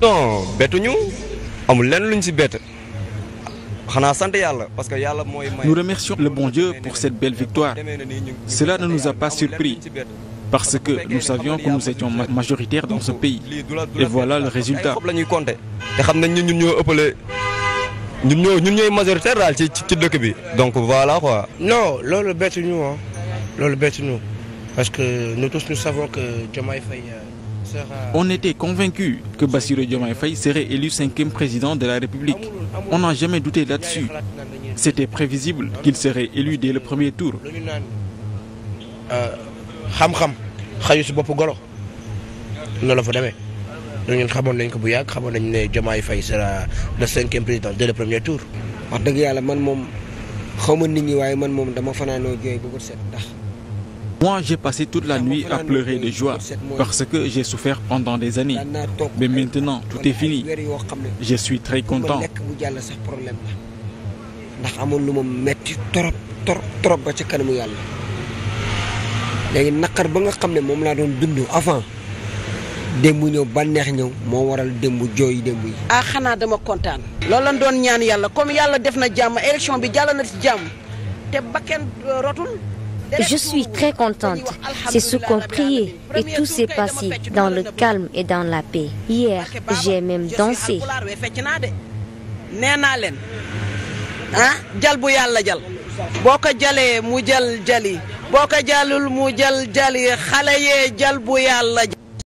non bettuñu amul lenn luñ ci bett xanaa sant yàlla parce que yàlla mooy may. nous remercions le bon Dieu pour cette belle victoire cela ne nous a pas surpris parce que nous savions que nous étions majoritaires dans ce pays et voilà le résultat. la ñuy compter te xam nañ ñun ñoo ëppale ñun ñoo ñun majoritaire daal ci ci dëkk bi donc voilà quoi. non loolu bettuñu ah loolu bettuñu parce que nous tous nous savons que Diomaye euh, On était convaincu que Bassirou Diomaye Faye serait élu cinquième président de la République. On n'a jamais douté là-dessus. C'était prévisible qu'il serait élu dès le premier tour. xam-xam xaju si bopp golo noonu la fa demee dañu xamoon nañ ko bu yàgg xamoon nañ ne Diomaye fay sera le cinquième président dès le premier tour. wax dëgg yàlla man moom xaw ma nit ñi waaye man moom dama fanaanoo jooy bu ko set ndax. Moi, j'ai passé toute la nuit à pleurer de joie parce que j'ai souffert pendant des années. Mais maintenant, tout est fini. Je suis très content. ndax amoon lu ma metti trop trop trop ba ca kanamu yàlla léegi naqar ba nga xam ne moom laa doon dund avant démb ñëw bànneex ñëw moo waral démb jooy démb yi. ah xanaa dama kontaan. loolu lañ doon ñaan yàlla comme yàlla def na jàmm élection bi jàll na ci jàmm te bakken euh, rotul. Je suis très contente. C'est ce qu'on priait et tout s'est passé dans le calme et dans la paix. Hier, j'ai même dansé. nee naa leen ah jal bu yàlla jal mu jal jali boo jalul mu jali xale yee jal